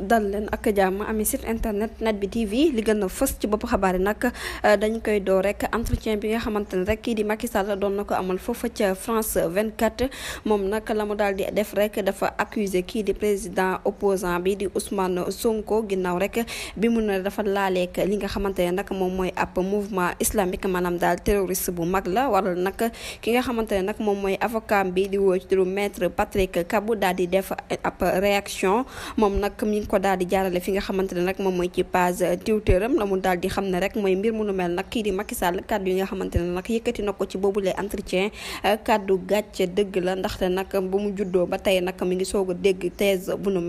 dal leen ak jàmm ami site internet net bi tv li gën na fës ci bopp xabaar yi nag eh, dañ koy doo rek entretien bi nga xamante ne rek kii di Macky Sall doon na ko amal foofa ca France 24 moom nag la mu daal di def rek dafa accuser kii di président opposant bi di Ousmane sunko ginnaaw rek bi mu ne dafa laaleek li nga xamante ne nag moom mooy ab mouvement islamique maanaam daal terroriste bu mag la waral nag ki nga xamante ne nag moom mooy avocam bi di woo ci turu maître Patrick Kabou daal di def ab réaction moom nag ko daal di jaarale fi nga xamante ne nag moom mooy ci page Twitter am la mu daal ne rek mooy mbir mu nu mel kii di Macky Sall kàddu yi nga xamante ne nag yëkkati na ko ci boobu lay entretien euh, kàddu gàcce dëgg la ndaxte nag bu mu juddoo ba tey nag mi ngi soog a dégg thèse bu nu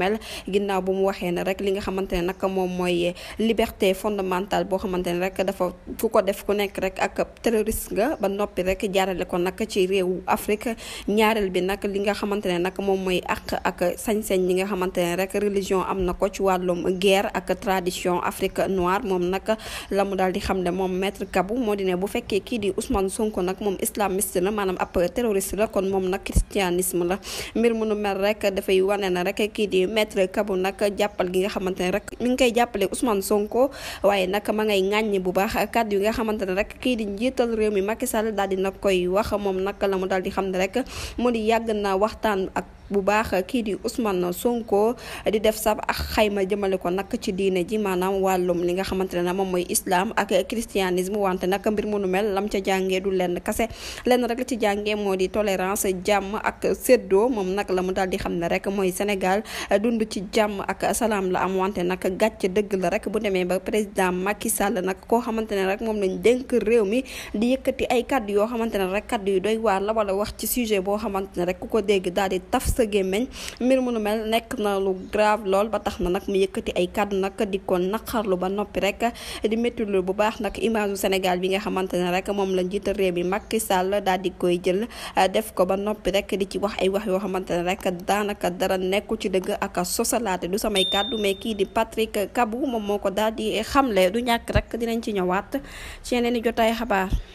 ginnaaw bu mu waxee ne rek li nga xamante ne nag moom mooy liberté fondamentale boo xamante ne rek dafa ku ko def ku nekk rek ak terroriste nga ba noppi rek jaarale ko nag ci réewu Afrique ñaareel bi nag li nga xamante ne nag moom mooy àq ak sañ-sañ li nga xamante ne rek religion am na na ko ci wàllum guerre ak tradition Afrique noire moom nag la mu daal di xam ne moom maître Kabou moo di ne bu fekkee kii di Ousmane Sonko nag moom islamiste la maanaam ab terroriste la kon moom nag christianisme la mbir mu nu mel rek dafay wane na rek kii di maître Kabou nag jàppal gi nga xamante ne rek mu ngi koy jàppale usman Sonko waaye nag ma ngay ŋàññi bu baax kàddu yi nga xamante ne rek kii di njiital réew mi Macky Sall daal di na koy wax moom nag la mu dal di xam ne rek moo di yàgg na waxtaan ak. bu baax kii di Ousmane Sonko di def sab ak xayma jëmale ko nag ci diine ji maanaam wàllum li nga xamante ne moom mooy islaam ak christianisme wante nag mbir mu nu mel lam ca jàngee du lenn kase lenn rek la ci jàngee moo di tolérance jàmm ak séddoo moom nag la mu daal di xam ne rek mooy Sénégal dund ci jàmm ak salaam la am wante nag gàcce dëgg la rek bu demee ba président Macky Sall nag koo xamante ne rek moom lañ dénk réew mi di yëkkati ay kàddu yoo xamante ne rek kàddu yu doy waar la wala wax ci sujet boo xamante ne rek sa gémmiñ mbir mu nu mel nekk na lu grave lool ba tax na nag mu yëkkati ay kàddu nag di ko naqarlu ba noppi rek di méttilu bu baax nag image Sénégal bi nga xamante ne rek moom la njiital réew mi Macky Sall daal di koy jël eh, def ko ba noppi rek di ci wax ay wax yoo xamante ne rek daanaka dara nekku ci dëgg ak a sosalaate du samay kàddu mais kii di Patrick Kabou moom moo ko dal di xamle du ñàkk rek dinañ ci ñëwaat ci yeneen i jotaay xabaar.